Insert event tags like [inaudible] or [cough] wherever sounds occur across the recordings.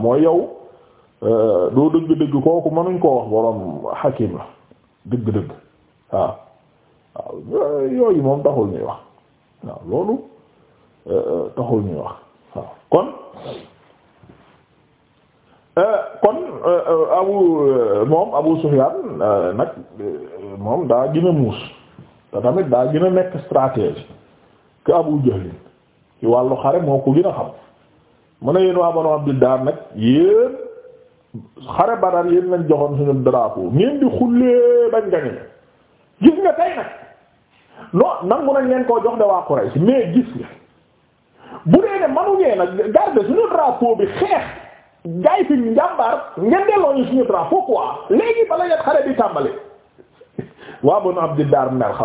mooy yow euh, doo dëgg-dëgg kooku mënuñ koo wax borom xakim la dëgg-dëgg waaw waaw yooyu moom taxul ñuy wax waaw loolu euh, taxul ñuy wax waaw kon euh, kon abu moom abu sufyan nag moom daa gën muus te tamit daa gën nekk stratégie que abu jahlin ci wàllu xare moo ko gën a xam mu ne yéen waa Banu Abdul Daar nag yéen xare Daar mer xam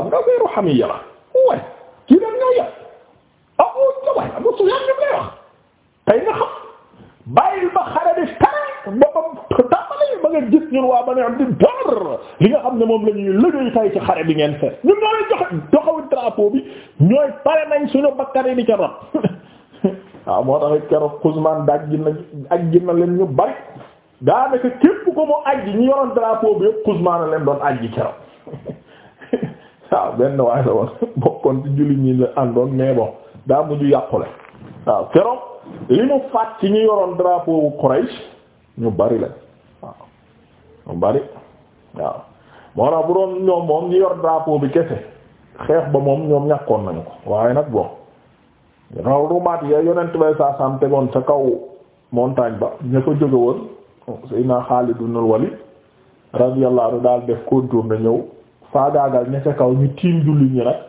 nga weeru xam yi yàlla kii dañ ñoo yàpp ah o jawaay am na suñu ñu lay wax tey nga xam bàyyil ba xare di tare boppam tàmbali ba nga gis ñun waa Bani Abdul Dar li nga xam ne moom la ñuy liggéey tay ci xare bi ngeen fet ñun ñoo joxe doxawu bi ñooy pare nañ suñu bakkan yi di ca rot [laughs] waaw moo tax keroog Ousmane daaj gi na aj gi na leen ñu bari daanaka képp ko mu aj ñi yoroon drapeau bi yëpp Ousmane leen doon aj gi keroog [laughs] waaw benn waay la woon bokkoon ci julli ñi la àndoon mais bon daa mujj yàqule waaw keroog li mu faat ci ñu yoroon drapeau wu Quraysh ñu bari la waaw ñu bari waaw moo la bu doon ñoom moom ñu yor drapeau bi kese xeex ba moom ñoom ñàkkoon nañu ko waaye nag bon raw rumaat ya yonent bay saa tegoon sa kaw montagne ba ña ko jóge woon Seydina Xaalid ibn Walid radiyallahu anhu daal def contourne ñëw faagaagal ña ca kaw ñu tiim jullit ñi nag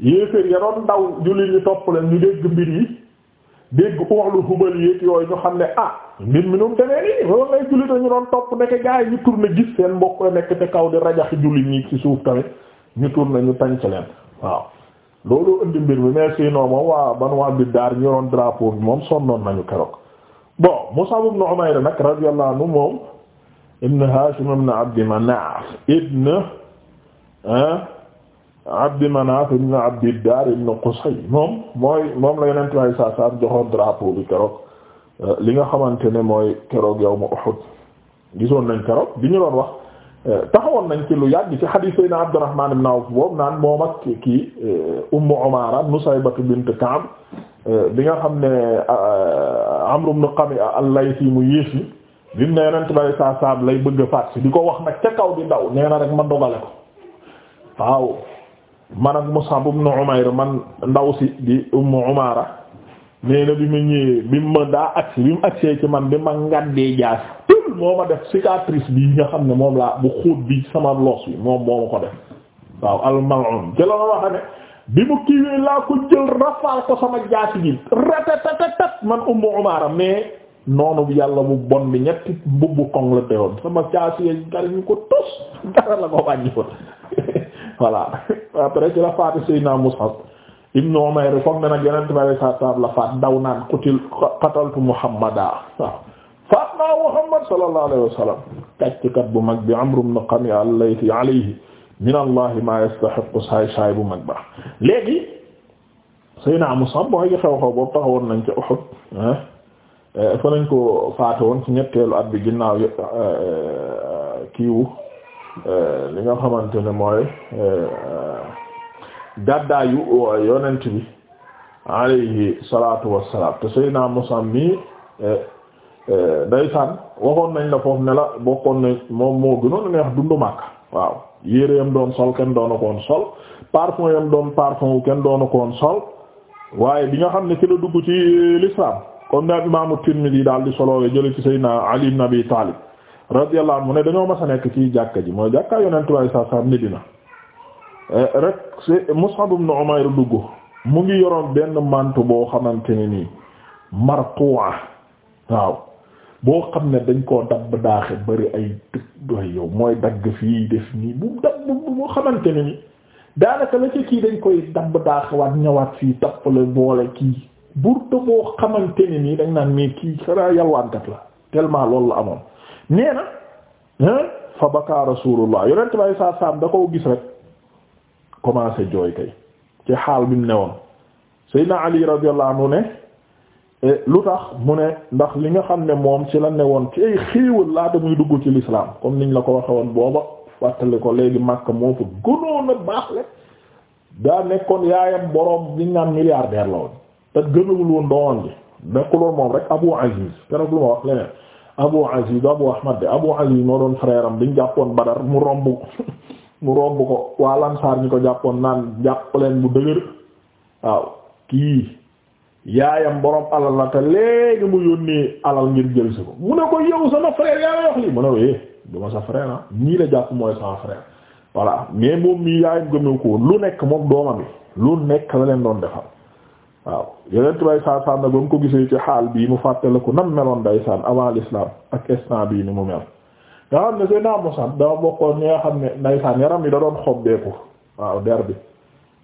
yéeféer ya doon daw jullit ñi topp leen ñu dégg mbir yi dégg oxlu xubal yéeg yooyu ñu xam ne ah mbir mi num demee nii loolu lay jullit ñu doon topp nekk gaa yi ñu tourné gis seen mbokk nekk te kaw di rajaxi jullit ñi ci suuf tamit ñu tourné ñu tànc leen waaw loolu indi mbir mi mais sinon moom waa ban waa bi daar ñu doon drapeau bi moom sonnoon nañu keroog bon Musab ibn Umayr nag radiyallahu anhu moom ibn Hashim ibn Abd Manaf ibn ah Abdi Manaf ibn Abdi Dar ibn Qusay moom mooy moom la Yonent bi saa joxoon drapeau bi keroog euh, li nga xamante ne mooy keroog yawmu Uhud gisoon nañ keroog bi ñu doon wax euh, taxawoon nañ ci lu yàgg ci hadiis Sayyidina Abdurrahman ibn Awf boobu naan moom ak kii euh, Ummu Umaara Nusaybatu bint Ka'b bi nga xam ne Amru ibn Qami'a al-Laythi mu yées yi bi mu ne Yonent bi saa lay bëgg a faat si di ko wax nag ca kaw di daw nee na rek ma dogale ko man ak Musab ibn Umayr man ndaw si di Ummu Umaara nee bi mu ñëwee bi mu ma daa agsi bi mu agsee ci man bi ma ngàddee jaas tël moo ma def cicatrice bi nga xam ne moom laa bu xóot bi sama los bi moom moo ma ko def waaw al-mal'un ci la ma waxe ne bi mu kiiwee laa ko jël rafaal ko sama jaasi bi ratatatatat man Ummu Umaara mais noonu bi yàlla bu bon bi ñetti mbubbu koŋ la sama jaasi yi gari ñu ko tos dara la ko wàññi woon [laughs] voilà [laughs] après ci la faatu Seydina Mus'ab ibn Umayr foog na nag yonent bi la faat daw naan qutil faat naa Muhammad sallallahu alayhi wa sallam kàcckat bu mag bi Amr ibn Qami'a allayhi alayhi min Allah ma yastahiqqu saay saay bu mag ba léegi Seydina Mus'ab boo xew xew boobu taxawoon nañ ca Uhud eh, fa lañ ko faate woon ci ñetteelu at ginnaaw eh, eh, Euh, li nga xamante ne mooy euh, gàddaayu euh, yonent bi alayhi salatu wassalam te Seydina Musa mi ndeysaan waxoon nañ la foofu ne la bokkoon na moom moo gënoon a neex dundu Makka waaw yére yam doon sol kenn doona ko woon sol parfum yam doon parfum kenn doona ko woon sol waaye bi nga xam ne ci la dugg ci l'islam comme na imaamu Tirmidhi daal di solowee jële ci Seydina Ali ibn Abi radiyallahu anhu ne dañoo mas a nekk ci jàkka ji mooy jàkkaay yonent bi sallallahu alayhi wasallam ni dina eh, rek Mus'ab ibn Umayr dugg mu ngi yoroon benn mantu boo xamante ne nii marquwa waaw boo xam ne dañ koo dabb daaxe bari ay dëg mooy dagg fii def nii bu dabb bu xamante ne ni daanaka la ci kii dañ koy dabb daaxewaat ñëwaat fii tappale boole kii burta boo xamante ne nii dañ naan mais kii xanaa yalwaankat la tellement loolu la amoon nee na fa baka rasulullah yonent bay saa saam da koo gis rek commencé jooy kay ci xaal bi mu ne woon Seydina Ali radiyallahu anhu ne eh, lu tax mu ne ndax li nga xam ne moom si la ne woon ci ay xéewal laata muy dugg ci l'islam comme niñ la ko waxee woon booba fàttali ko léegi Makka moo fa gënoon baax le daa nekkoon yaayam boroom liñ naan milliardaire la woon te gënawul woon doon ji nekkul moom rek Abu Aziz te lu ma wax leneen Abu Aziz Abu Ahmad de Abu Aziz moo doon frère am dañ jàppoon Badar mu romb [laughs] mu romb ko waa Lansaar ñu ko jàppoon naan jàpp leen bu dëgër waaw kii yaayam borom alal la te léegi mu yónnee alal ngir jël ko mu ne ko yow sama frère yaa la wax lii mu ne wee eh, duma sa frère ah la jàpp mooy sama frère voilà mais moom mii yaayam gëmee lu nekk moom doomam yi lu nekk la leen doon defal waaw yeneen bay saa saan nag ba mu ko gisee ci xaal bii mu fàttaliku nan meloon day saan avant l'islam ak instant bii ni mu mel nga xam ne seen naa Musab dafa bokkoon ñi nga xam ne ndaysaan yaram yi da doon xobbeeku waaw der bi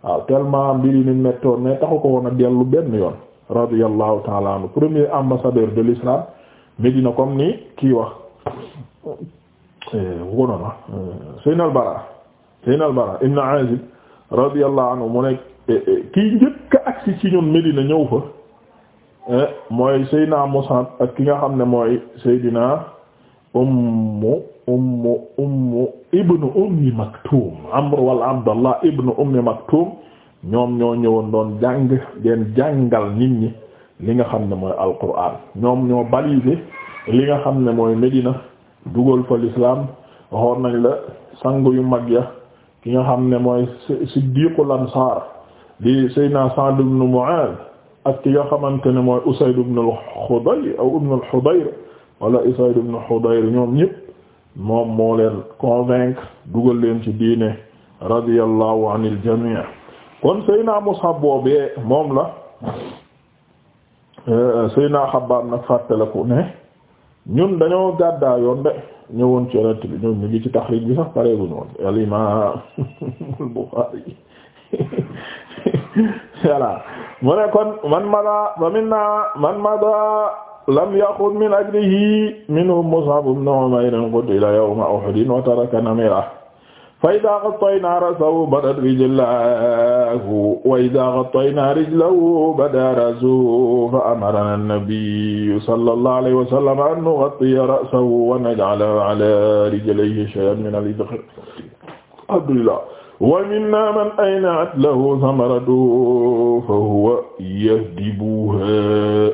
waaw tellement mbiri ni mettoon mais taxu ko woon a dellu benn yoon radiyallahu ta'ala anhu premier ambassadeur de l'islam Médina comme ni kii wax wono eh, na eh, Seynal Bara Seynal Bara ibn Azib radiyallahu anhu mu nekk Eh, eh, kii njëkk agsi ci ñun Medina ñëw fa eh, mooy Seydina Musab ki nga xam ne mooy Seydina ummu ummu ibnu ummi Maktum Amr wala Abdallah ibnu ummi Maktum ñoom ñoo ñëwoon doon jàng den jàngal nit ñi li nga xam ne mooy alquran ñoom ñoo balisé li nga xam ne mooy Medina dugal fa l'islam waxoon nañ la sangu yu mag ya ki nga xam ne mooy Siddiqul Ansar di Seydina Sa'd ibn Mu'adh ak ki nga xamante ne mooy Usayd ibn al aw ibn al wala Usayd ibn al ñoom ñëpp moom moo leen convaincre dugal leen ci diine radiyallahu anil jamii kon Seydina Mus'ab boobee moom la euh, Seydina Xabbaab nag fàttaliku ne ñun dañoo gàddaa yoon de ñëwoon ci yonent bi ñoom ñu ci taxriij bi sax pareeguñu woon al imaam al [laughs] voilà mu ne kon man mada fa minna man mada lam yaxud min ajrihi minhum Mus'ab ibn Umayr qutila yawma Uhud wa taraka namira fa idha ghattayna ra'sahu badat rijlahu wa idha ghattayna rijlahu bada ra'suhu fa amarana an-nabiyyu sallallahu alayhi wa sallam an nughtiya ra'sahu wa naj'ala ala rijlihi shay'an min al-idkhar Abdullah wa minna man ayna'at lahu thamaratuhu fa huwa yahdibuha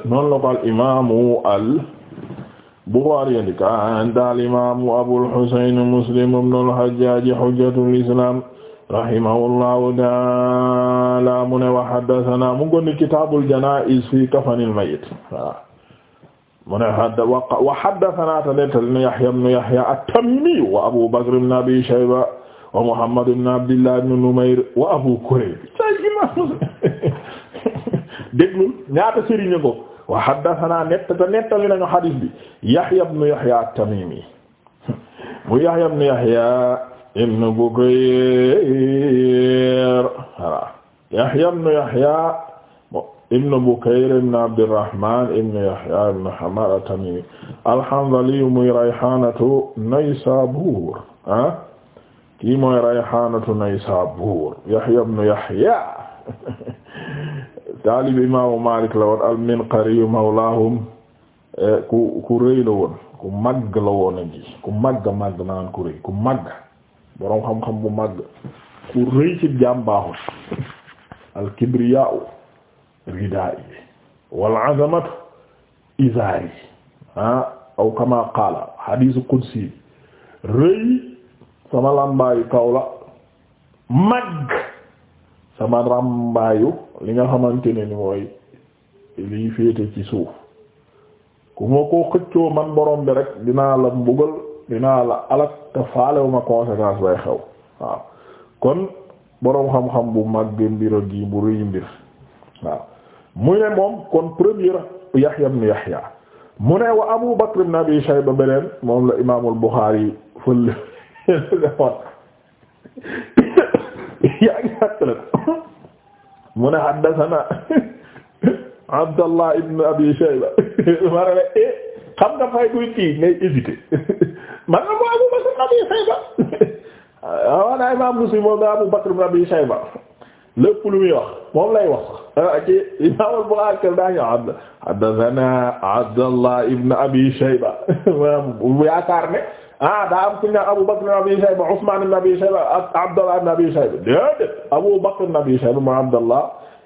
noonu la ko al imaamu al Buxaari andi kan daal imaamu Abul Husayn Muslim ibn al Hajjaj hujjatul islam rahimahullahu ta'ala mu ne wa haddathana mu ngi kitaabul janaa'iz fi kafanil mayyit voilà mu ne wa haddathana Yahya ibn Yahya at-Tamimi wa Abu Bakr ibn Abi Shayba wa Muhammad ibn Abdillah ibn Numayr wa Abu Kurayb say imam [laughs] déglul ñaata sëriñ ko wa haddathana netta te nettali nañu hadith bi Yahya ibn Yahya at-Tamimi mu Yahya ibn Yahya ibn Bukayr Yahya ibn Yahya ibn Bukayr ibn Abdurrahman ibn Yahya ibn Hammad at-Tamimi al-Hanzali muy Rayhanatu Naysabur ah kii mooy Rayhaanatu Naysaabuur Yahya ibnu Yahya taalib imaamu Maalik la woon al-Minqari mawlaahum e, ku ku rëy la ku màgg la woon a ngi ku màgg màgg ku rëy ku màgg boroom xam-xam bu màgg ku rëy ci jaam al-kibriyaa'u ridaa'i wal-'azamatu izaari ah aw kamaa qaala hadiisu qudsi rëy sama làmbaayu kaw la mag sama làmbaayu li nga xamante ne ni mooy liy féete ci suuf ku ma koo xëccoo man borom bi rek dinaa la mbugal dinaa la alak te faalewuma conséquence bay xew waaw kon boroom xam-xam bu mag bi mbir ak yi bu rëy mbir waaw mu ne moom kon premier Yahya ibn Yahya mu ne wa Abu Bakr ibn Abi Shayba beneen moom la imaamul Bukhari fële [laughs] yaa ngi fàttali mu ne haddathana Abdallah ibn Abi Shayba [laughs] ma ne eh xam nga fay kuy kii ngay hésité [laughs] man nga Abu Bakr ibn Abi Shayba ah, waaw naa Imaam Muslim moom Abu Bakr ibn Abi Shayba lépp lu muy wax moom lay wax ah, ci Imaam Bukhari kër daa ñëw haddathana Abdallah ibn Abi Shayba yaakaar ne. ah daa am ku ñu naan Abu Bakr ibn Abi Shayba Usmaan ibn Abi Shayba ak Abdallah ibn Abi Shayba déedéet Abu Bakr ibn Abi Shayba mooy Abdallah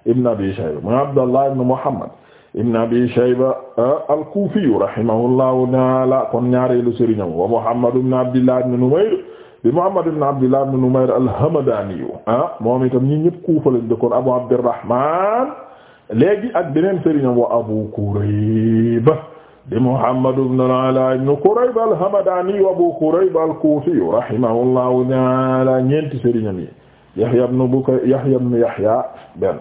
ibn Abi Shayba mooy Abdallah ibn Muhammad ibn Abi Shayba ah, al-Kufi rahimahullahu ta'ala kon ñaareelu sëriñam wa Muhammad ibn Abdillah ibn Numayr bi Muhammad ibn Abdillah ibn Numayr al-Hamdani ah moom itam ñi ñëpp Kufa lañ dëkkoon Abu Abdurrahman léegi ak beneen sëriñam wa Abu Kurayba di Muhammad ibn al-Ala ibn Kurayb al-Hamadani Abu Kurayb al-Kufi rahimahullahu ta'ala ñeenti sëriñam yi Yahya ibn Bukayr Yahya ibn Yahya benn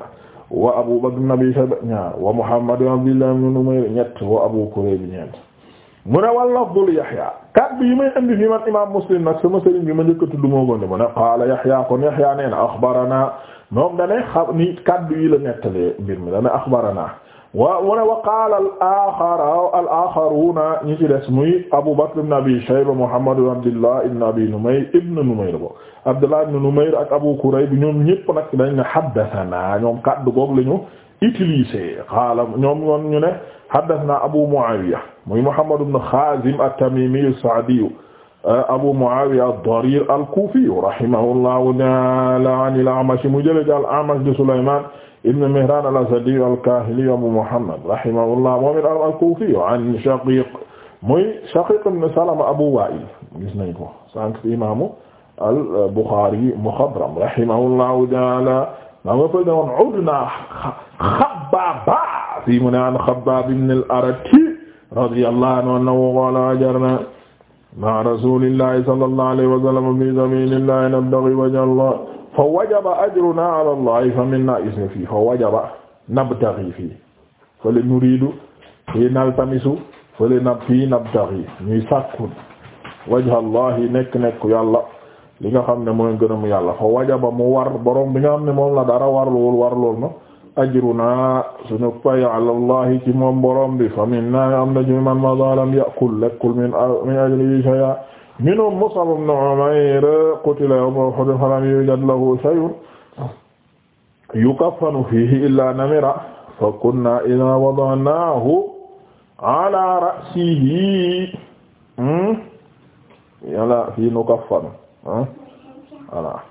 wa Abu Bakr ibn Abi ñaar wa Muhammad ibn Abdillah ibn Numayr ñett wa Abu Kurayb ñeent mu ne wal lafdul Yahya kat yi may indi Muslim nag sama sëriñ bi ma njëkk a tudd moo gën mu ne qaala Yahya kon Yahya nee na moom dane kaddu yi la nettalee mbir mi dane axbarana wa mu ne wa qaala al axara al axaruna ñi ci des muy Abu Bakr ibn Abi Shayba Muhammad ibn Abdullah ibn Abi Numayr ibn Numayr bo Abdullah ibn Numayr ak Abu Kurayb ñoom ñëpp nag dañ ne haddathana ñoom kaddu goog lañu utilisé qaala ñoom ñoon ñu ne haddathana Abu Muawiya muy Muhammad ibn Khazim at-Tamimi as-Sa'di Abu Muawiya ad-Darir al-Kufi rahimahullahu ta'ala an al-A'mash mu jële al-A'mash de Sulayman ibn Mihran al-Asadi al-Kahili Abu Muhammad rahimahullah moom it al-Kufi an Shaqiq muy Shaqiq ibn Salama Abu Wa'il gis nañ ko sànq si imaamu al-Bukhari muxadram rahimahullahu ta'ala maa nga fay newoon udna Xabbaaba fii mu ne an Xabbaab ibn al-Arati radiyallahu anhu qala hajarna ma'a rasulillahi sallallahu alayhi wa sallam fi sabilillahi nabtaghi wajha Allah fa wajaba ajruna ala allahi fa minna isni fii fa wajaba nabtaghi fii fële nuridu fii naltamisu fële nab fii nabtaghi ñuy sàkku wajha allahi nekk nekk yàlla li nga xam ne mooy ngërëm yàlla fa wajaba mu war borom bi nga xam ne moom la dara warlool warlool na ajruna suñu pay ala allahi ci moom borom bi fa minna am na ci man ma zalam yakul lekkul min min ajri shay'a minhum Mus'ab ibn Umayr qutila yawma Uhud falam yujad lahu shay'un yukaffanu fihi illa namira fa kunna idha wada'nahu ala ra'sihi hmm? yàlla fii nukaffanu hmm? voilà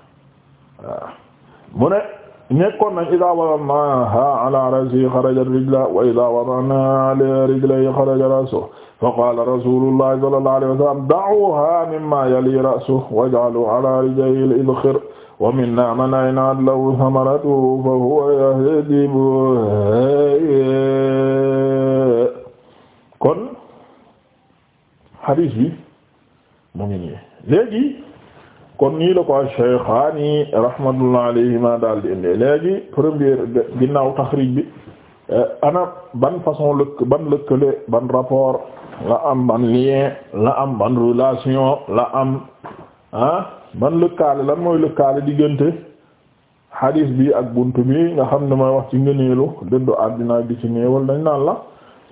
mu ne nekkoon nañ idha wada'naha ala ra'sihi xaraja rijla wa idha wada'na ala rijlihi xaraja ra'suhu fa qaala rasulullahi sallallahu alayhi wa sallam da'uha mimma yali ra'suhu waj'alu ala rijlihi al-idkhir wa minna man aynat lahu thamaratuhu fa huwa yahdibuha kon hadis bi mu ngi nii léegi kon nii la ko Shaykhaani rahmatullahi alayhima daal di indi léegi première ginnaaw taxriij bi eh, ana ban façon lëkk ban lëkkale ban rapport la am ban lien la am ban relation la am ah man lëkkaale lan mooy lëkkaale diggante hadis bi ak bunt bi nga xam ne mooy wax ci ngëneelu dëddu àddina bi ci néewal dañ naan la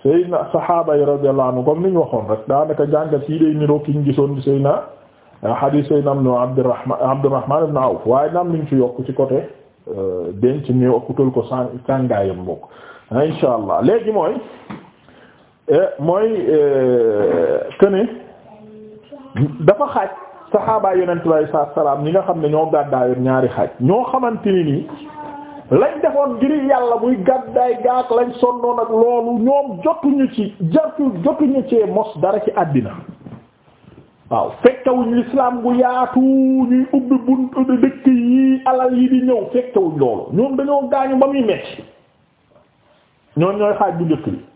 Seydina saxaaba yi radiyallahu anhu comme ni ñu waxoon rek daanaka jàngat yi day niroo ki ñu gisoon Seydina hadis ah, Seydina Abdurrahman Abdurrahman ibn Awf waaye naam luñ ci yokk ci côté euh, denc néew ak utal ko sàngaayam mbokk ah, insha allah léegi mooy. Eh, mooy këne eh, dafa xaaj saxaabaa yonent bi saa salaam ñi nga xam ne ñoo gàddaayoon ñaari xaaj ñoo xamante ni nii lañ defoon ngir yàlla muy gàddaay gaak lañ sonnoon ak loolu ñoom jotuñu ci jartu jotuñu ci mos dara ci àddina waaw fekkewuñ lislaam gu yaatu ñuy ubbi bunt dëkk yi alal yi di ñëw fekkewuñ loolu ñoom dañoo gaañu ba muy metti ñoom ñooy xaaj bu njëkk bi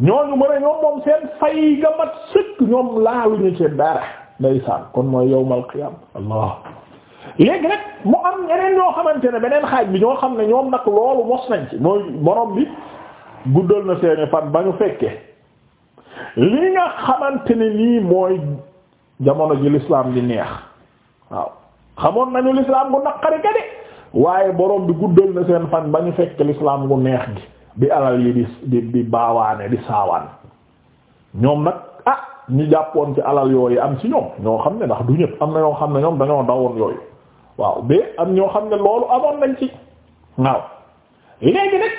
ñooñu mën a ñoom moom seen fay ga mat sëkk ñoom laaluñu ci dara ndeysaan kon mooy yawmal qiyam allah léegi rek mu am ñeneen ñoo xamante ne beneen xaaj bi ñoo xam ne ñoom nag loolu mos nañ ci mooy borom bi guddal na seeni fan ba ñu fekkee nga xamante ne nii mooy ji lislaam di neex waaw nañu lislaam gu borom bi guddal na seen fan ba ñu fekkee lislaam neex gi di alal yi di di di baawaane di saawaan ñoom nag ah ñu jàppoon ci alal yooyu am ci ñoom ñoo xam ne ndax du ñëpp am na ñoo xam ne ñoom dañoo dawoon yooyu waaw ba am ñoo xam ne loolu amoon nañ ci waaw léegi nag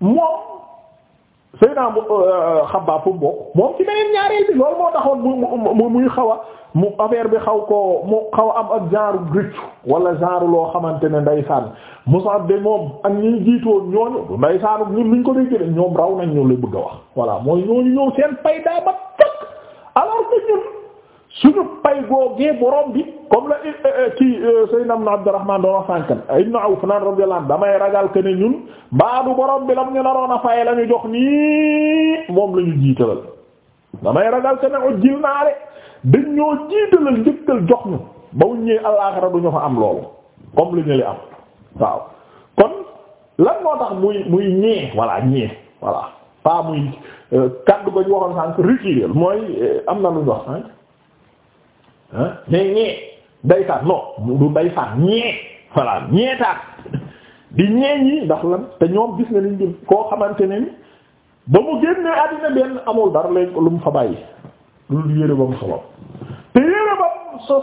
moom Seydina euh, euh, Xabbaab fu mu bokk moom ci beneen ñaareel bi loolu moo taxoon mu muy xaw a mu affaire bi xaw ko mu xaw a am ak genre gricc wala genre loo xamante ne ndeysaan Musab de moom ak ñi jiitoon ñooñu du ndeysaanu ñun luñ ko dégg de ñoom raw nañ ñu la bëgg a wax voilà mooy ñooñu ñëw seen pay daa ba tëkk alors que ñun suñu pay googee borom bi comme la eh, eh, ci eh, Seydina Ibn Abdurrahman doon wax sànkan Ibn Awf naan radiyallahu anhu damay ragal que ne ñun baadu borom bi lam ñu naroon a faye la ñu jox nii moom la ñu jiitalal damay ragal que ne ujjil naa de dañ ñoo jiitalal njëkkal jox ñu ba wuñ ñëwee àllaaxira du ñu fa am loolu comme lu ñu li am waaw kon lan moo tax muy muy ñee voilà ñee voilà pas muy euh, kaddu ko ñu waxoon sànq reculer mooy euh, am na lu ñu wax sànq. ah ñee ñee day faat non du day faat ñee voilà ñee di ñee ñi ndax lan te ñoom gis nga liñ jëm koo xamante ne ni ba mu génnee àddina benn amul dara léegi lu mu fa bàyyi lu yére ba mu soloon te yére ba mu so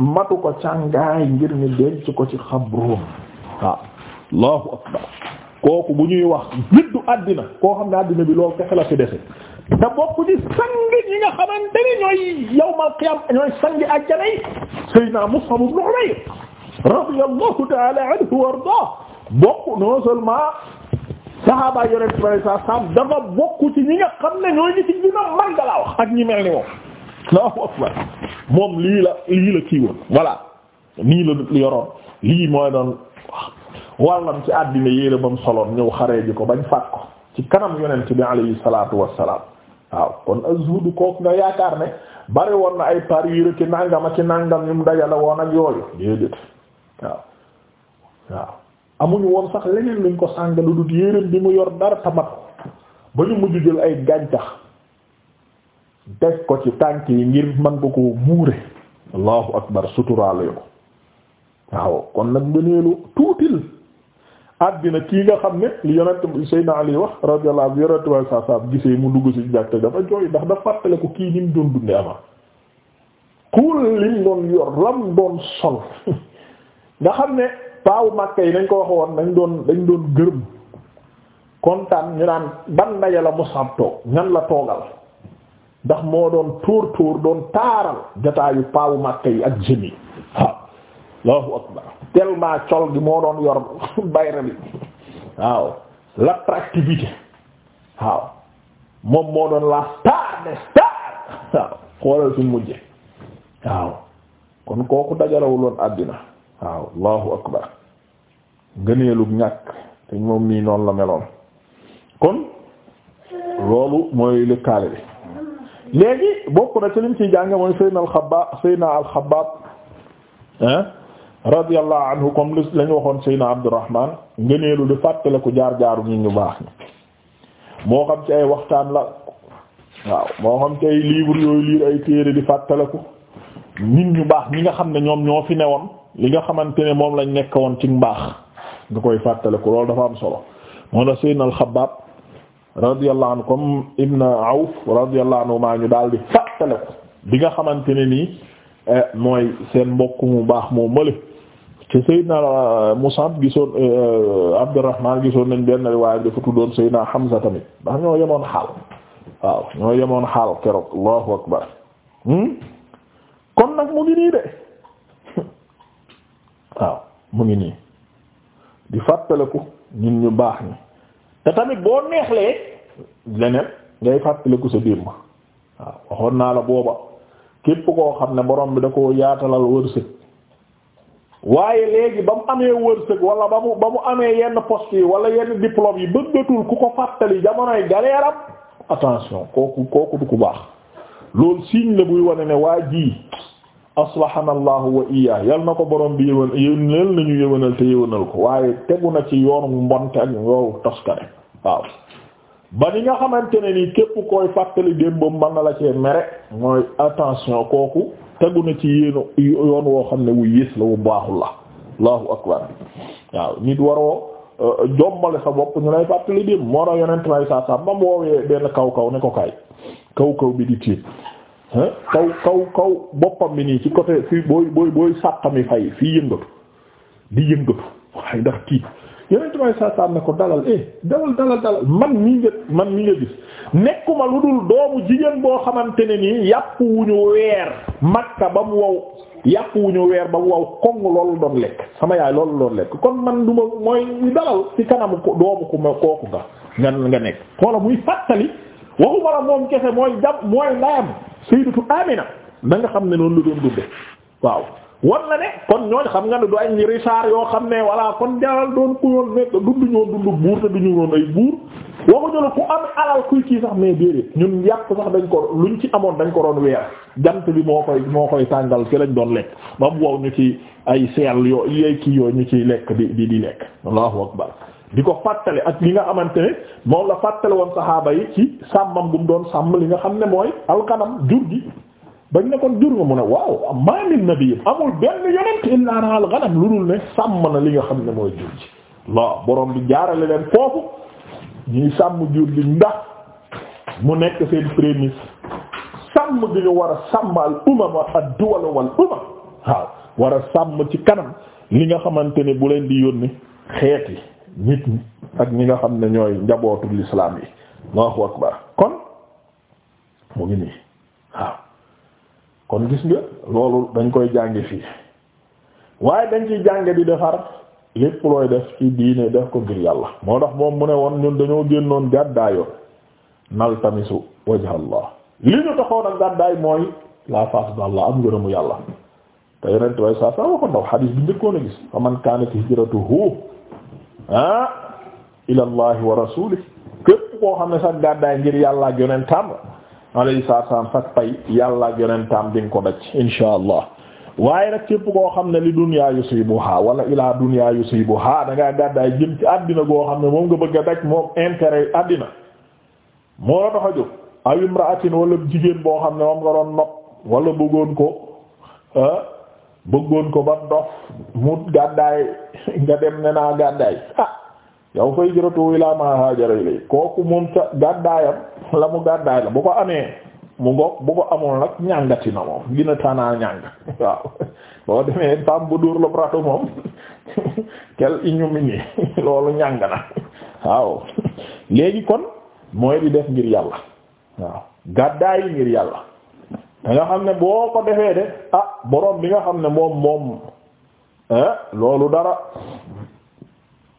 matu ko càngaay ngir ni denc ko ci xabroom waaw allahu akbar kooku bu ñuy wax giddu àddina koo xam ne àddina bi loolu fexe la fi dese te bokku sang yi nga xamante ñooy yawmal qiyaam ñooy sang ajjana yi Seydina Mus'ab ibn Umayr radiyallahu ta'ala anhu wa ardaa bokk non seulement sahaaba yonent bi saa saam dafa bokku xam ne ñooy ñi ci gën a màgg ak ñi mel ni moom Allahu akbar moom lii la lii la kii woon voilà nii la yoroon lii mooy doon wàllam ci àddina yéere bam soloon ñëw xaree ji ko bañ faat ko ci kanam yonent bi alayhi salaatu wassalaam waaw kon azhudu kooku nga yaakaar ne bari woon na ay pariir ki nàngama ki nàngam mu dajale woon ak yooyu déedéet waaw waaw amuñu woon sax leneen luñ ko sàng lu dut yéreem bi mu yor dara tamat ba ñu mujj jël ay gàncax teg ko ci tànk yi ngir man ko ko muure allahu akbar suturaale waaw kon nag ngëneelu tuutil àddina kii nga xam ne li yonent Seydina Ali wax radiyallahu anhu yonent way sa sab gisee mu dugg ci jàkk dafa jooy ndax da fàttale ko kii ni mu doon dunde avant kuul lim doon doon sol [laughs] nga xam ne paawu Makka yi nañ ko wax woon dañ doon dañ doon gërëm kontaan ñu naan ban ndaje la Musab toog ñan la toogal ndax moo doon tóor tóor doon taaral jataayu paawu Makka yi ak jën yi waaw Allahu akbar tellement col gi moo doon yor [laughs] bayra bi waaw l'attractivité waaw moom moo doon la star des stars waaw xoolal fi mujje waaw kon kooku dajalawuloon àddina waaw allahu akbar gëneelug ñàkk te moom nii noonu la meloon kon loolu mooy lëkkaale bi léegi bokk na ci lim ci jànge mooy saydna alxabaab saydna alxabaab ah radiyallahu anhu comme li lañu waxoon Seydina Abdurrahman ngëneelu di fàttale ko jaar jaaru ñi ñu baax moo xam ci ay waxtaan la waaw moo xam ci ay livre yooyu liir ay téere di fàttaliku nit ñu baax ñi nga xam ne ñoom ñoo fi woon li nga xamante ne moom lañ nekk woon ci mbaax nga koy fàttaliku loolu dafa am solo moo la Seydina al-Xabbaab radiyallahu anhu comme Ibn Awf radiyallahu anhu daal di fàttaliku bi nga xamante nii Eh, mooy seen mbokk mu baax moo mële ci Seydina eh, Musab gisoon eh, Abdurrahman gisoon nañ benn riwaaya dafa naa xam Hamza tamit ndax ñoo yemoon xaal waaw ñoo yemoon xaal keroog Allahu akbar hmm? kon nag mu ngi nii de [laughs] waaw mu ngi nii di fàttaliku ñun ñu baax ñi te tamit boo neexlee leneen ngay fàttaliku sa biir waaw waxoon naa la booba képp koo xam ne borom bi da ko yaatalal wërsëg waaye léegi ba mu amee wërsëg wala ba mu ba mu amee yenn poste yi wala yenn diplôme yi bëggatul ku ko fàttali jamonoy galeeram attention kooku kooku du ku baax loolu signe la buy wane ne waa ji aslahana allahu wa iya yal na ko borom bi yëwan yéneel nañu yëwanal te yëwanal ko waaye tegu na ci yoonu mbonte ak yow toskare waaw ba ni nga xamante ne ni képp koy fàttali démbam mën na la cee mere mooy attention kooku tegu na ci yéen yoon woo xam ne wu yées la wu baaxul la allahu akbar waaw nit waroo euh, jombale sa bopp ñu lay fàttali démb moo tax yonent may saa saa mam woowee benn kaw kaw ne ko kaay kaw kaw bi di tiim kaw kaw kaw boppam bi nii ci côté fii booy booy booy sàqami fay fii yëngatu di yëngatu waaye ndax tiit yeneen tubaab yi saa ne ko dalal eh dalal dalal dalal man mii nga man mii nga gis nekkuma lu dul doomu jigéen boo xamante ne nii yàpp wu ñu weer makka ba mu wow yàpp wu ñu weer ba mu wow koŋŋ loolu doon lekk sama yaay loolu doon lekk kon man du ma mooy dalal ci kanamu ko doomu ku ma kooku nga nga nekk. xoola muy fàttali waxuma la moom kese mooy jam mooy laam sayyidatu Amina da nga xam ne noonu lu doon dundee waaw. wan la ne kon ñooñ xam nga ne du ay Richard yoo xam ne voilà kon jaral doon ku yoon nekk dundu ñoon dundu buur te duñu woon ay buur waxuñu la ku am alal kuy kii sax mais déedéet ñun yàpp sax dañ ko lu ñu ci amoon dañ ko doon weer jant bi moo koy moo koy tàngal ki lañ doon lekk ba mu wow ñu ci ay seel yoo ay kii yoo ñu ci lekk di di di lekk allahu akbar di ko fàttale ak li nga xamante ne moom la fàttale woon saxaaba yi ci sàmmam bu mu doon sàmm li nga xam ne mooy alkanam jur bañ ne kon jur nga mu ne waaw maa min nabi amul benn yonent illaa raal ganam lu dul ne sàmm na li nga xam ne mooy jur ji waaw borom bi jaarale leen foofu ñuy sàmm jur ji ndax mu nekk seen prémisse sàmm bi ñu war a sàmm al umam ad duwal wal umam waaw war a sàmm ci kanam li nga xamante ne bu leen di yónni xeet yi nit ñi ak ñi nga xam ne ñooy njabootu l'islam yi allahu akbar kon mu ngi nii kon gis nga loolu dañ koy jàngi fii waaye dañ ciy jànge di defar lépp looy def ci diine def ko ngir yàlla moo tax moom mu ne woon ñun dañoo génnoon gàddaayoon naltamisu wajha allah li ñu taxoon ak gàddaay mooy la face d'Allah am ngërëmu yàlla te yenent way saa saa ko ndaw xadiis bi njëkkoon a gis fa man kaanat hijratuhu ah ila allahi wa rasulih képp koo xam ne sax gàddaay ngir yàlla ak yonentam alayhi salaam sax pay yàlla ak yonentam di nga ko daj insha allah waaye nag képp koo xam ne li dunya yusibuha wala ilaa dunya yusibuha da ngaa gàddaay jëm ci àddina goo xam ne moom nga bëgg a daj moom intérêt àddina moo la tax a jóg aw imra'atin wala jigéen boo xam ne moom nga doon nopp wala bëggoon ko ah, bëggoon ko ba dof mu gàddaay nga dem ne naa gàddaay ah yow fa hijratu ilaa maa haajara ilay kooku moom ca gàddaayam [laughs] la mu gàddaay la bu ko amee mu ngoog bu ko amul nag ñàngati na moom gina tànnaa ñàng [laughs] waaw boo demee femme bu duur la prato moom kel [laughs] ignominie loolu ñàng na waaw léegi kon mooy di def ngir yàlla waaw gàddaay yi ngir yàlla da nga xam ne boo ko defee de ah borom bi nga xam ne moom moom eh, loolu dara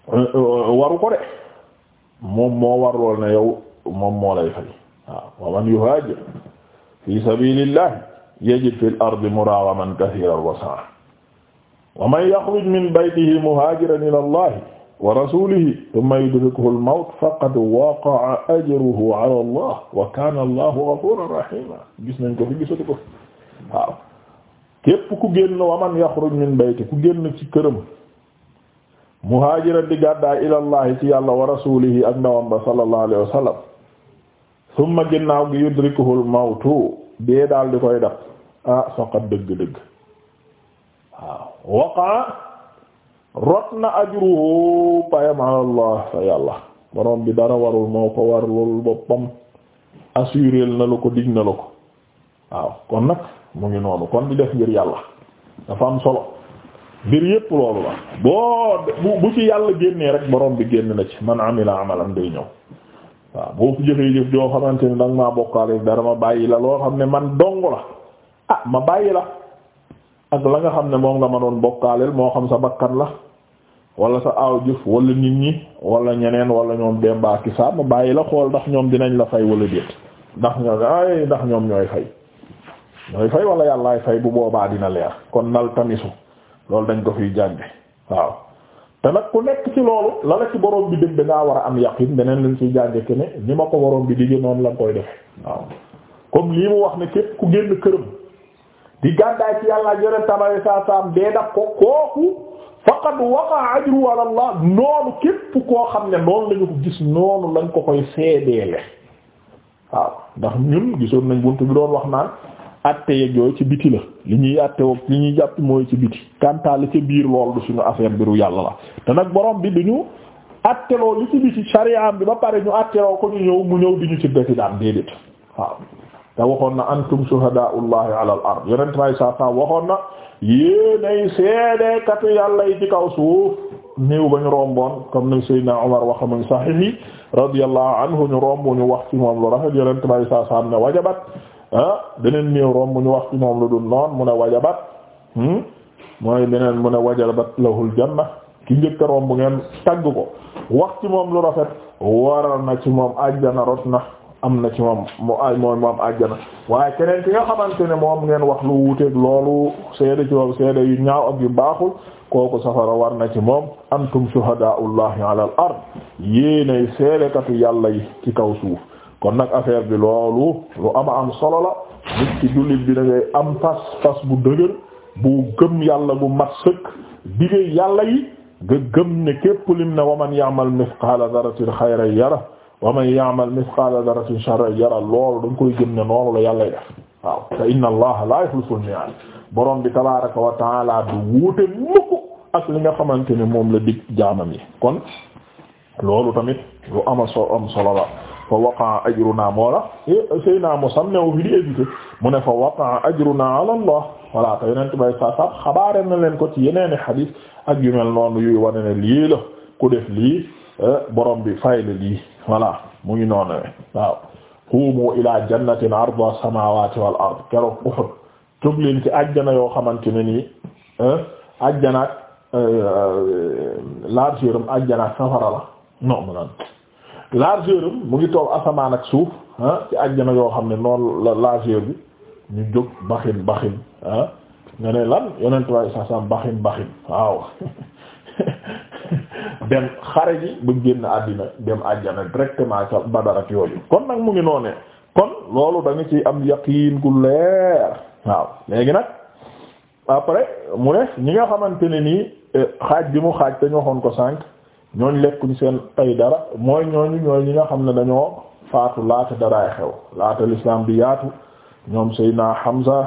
waru ko de moom moo war lool ne yow moom moo lay fay waaw wa man yuhaajir fi sabilillah yajid fil ardi muraagaman kathiran wasaa wa man yaxruj min baytihi muhaajiran ila allah wa rasulihi thumma yudrikuhu al-mawt faqad waqa'a ajruhu ala allah wa kaana allahu ghafuuran rahiima gis nañ ko fi gisatu ko waaw képp ku génn wa man yaxruj min bayti ku génn ci këram muhaajiran di gàddaay ilallahi ci yàlla wa rasulihi ak ndawam ba sallallahu alayhi wa summa ginnaaw gi yudrikuhul mawtu dee daal di koy dab ah soqat dëgg-dëgg waaw waqaa rot na ajruhu payam alallah fa yàlla borom bi dara warul moo ko warlul boppam assuréel na la ko dig na ko waaw kon nag mu ngi noonu kon di def ngir yàlla dafa am solo mbir yépp loolu la boo bu ci yàlla génnee rek boroom bi génn na ci man amila amalan day ñëw waaw boo fi jëfee jëf joo xamante ni danga maa bokkaale dara ma bàyyi la loo xam ne man dong la ah ma bàyyi la ak la nga xam ne moo nga ma doon bokkaaleel moo xam sa bakkan la wala sa aaw jëf wala nit ñi wala ñeneen wala ñoom dembaaki sa ma bàyyi la xool ndax ñoom dinañ la fay wala déet ndax ñoom ay ndax ñoom ñooy fay ñooy fay wala yàllaay bu boobaa dina leer kon loolu dañ ko fiy jànge waaw te nag ku nekk ci loolu la la ci boroom bi dég da war a am yaqin beneen lañ ciy jànge ke ni ma ko borom bi digee noonu la koy defe waaw comme lii mu wax ne képp ku génn këram di gàddaay ci yàlla yore tamale saa saam dee daf ko kooku faqad waqa'a ajru ala Allah noonu képp koo xam ne noonu lañu ko gis noonu lañ ko koy seedeele waaw ndax ñun gisoon nañ buntu bi doon wax naan atte yeeg yooyu ci biti la li ñuy atte woog li ñuy jàpp mooy ci biti kantaa la ca biir lool du suñu affaire biru yàlla la te nag borom bi duñu atteloo li ci biti sariyaam bi ba pare ñu atteloo ko ñu ñëw mu ñëw di ñu ci beti daan déedéet waaw te waxoon na antum shuhadaa'ullahi ala al-ard yonent may saa saa waxoon na yéenay seedekatu yàlla yi ci kaw suuf néew ba ñu romboon comme ni Seydina Omar waxamuñ saxiix yi radiyallahu anhu ñu romb ñu wax ci moom lu ah beneen néew rom ñu wax ci moom lu dul noon mu ne wajabat hmm? mooy beneen mu ne wajabat lahul janna ki njëkk rom bu ngeen tagg ko wax ci moom lu rafet waral na ci moom ajjana rot na am na ci moom mu ay mooy moom ajjana waaye keneen ki nga xamante ne moom ngeen wax lu wuuteeg loolu seede ci moom seede yu ñaaw ak yu baaxul kooku safara war na ci moom antum shuhadaullahi ala al ard yéenay seedekatu yàlla yi ci kaw suuf kon nag affaire bi loolu lu ama am solo la nit jullit bi da ngay am fas fas bu dëgër bu gëm yàlla bu mat sëkk digéey yàlla yi nga gëm ne képp lim ne waman ya'mal mithqala daratin xayran yara waman ya'mal mithqala daratin sharran yara loolu da koy gëm ne noonu la yàlla def waaw te inna allaha la yukhlifu al-mi'ad borom bi tabaraka wa taala du wuute mukk ak li nga xamante ne moom la dig jaamam yi kon loolu tamit lu ama so solo la fa waqa ajruna moo la eh, naa mosam new fi di mu ne fa waqa ajruna ala allah voilà te yonent sa sab xabaare na leen ko ci yeneeni xadiis ak yu mel noonu yuy wane ne lii la ku def lii eh, borom bi fay la lii voilà mu ngi noonu waaw xuumu ila jannatin ardu samawati wal ard keroog Uhud jóg leen ajjana yoo xamante ne nii ajjanaak eh, largeur am ajjanaak safara la non mu naan largeur mu ngi toog asamaan ak suuf ah, ci ajjana yoo xam ne noon la largeur bi ñu jóg baxin baxin ah nga ne lan yonent waaye sax sax baxin baxin waaw [laughs] dem xare ji ba génn àddina dem àjjana directement ca Badar ak yooyu kon nag mu ngi noonee kon loolu da ci am yaqiin gu leer waaw léegi nag après mu ne ñi nga xamante ne nii eh, xaaj bi mu xaaj te ñu waxoon ko sànq. ñooñ lekkuñu seen ay dara mooy ñooñu ñooy nga xam ne dañoo faatu laata daraay xew laata l'islam bi yaatu ñoom Seydina Hamza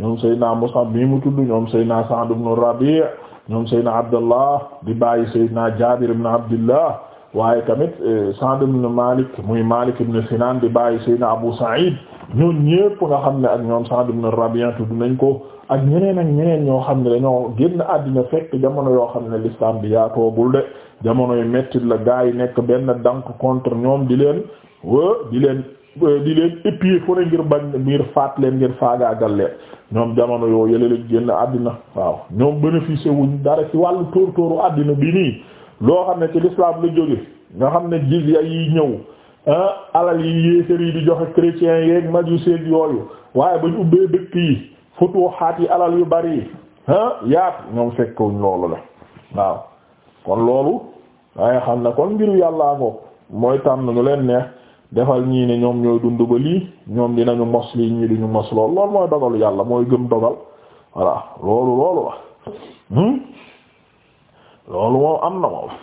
ñoom Seydina Musab bi mu tudd ñoom Seydina Sa'd ibn Rabi' ñoom Seydina Abdullah di bàyyi Seydina Jabir ibn Abdullah waaye tamit euh, Sa'd ibn Malik muy Malik ibn Sinan di bàyyi Seydina Abu Sa'id ñoon ñépp nga xam ne ak ñoom Sa'd ibn Rabi'a tudd nañ ko ak ñeneen ak ñeneen ñoo xam ne dañoo génn àddina fekk jamono yoo xam ne l'islam bi yaatoobul de jamono yu metti la gaa yi nekk benn dank contre ñoom di leen di leen di leen épier fu ne ngir bañ ngir faat leen ngir faagaagal leen ñoom jamono yoo yële lañ génn àddina waaw ñoom bénéficié wu dara ci wàllu tóor tóoru àddina bi loo xam ne ci l'islam la jóge nga xam ne jizya yi ñëw ah, alal yi yéesér yi di joxe chrétiens yeeg majuseeg yooyu waaye bañ ubbee dëkk yi futuhaat yi alal yu bari yi ah, yaat ñoom fekkewuñ loolu la waaw kon loolu waaye xam ne kon mbiru yàllaa ko mooy tànn nu leen neex defal ñii ne ñoom ñooy dund ba lii ñoom dinañu mos lii ñii duñu mos lool loolu mooy dogalu yàlla mooy gëm dogal voilà loolu loolu la hmm? loolu moom am na moom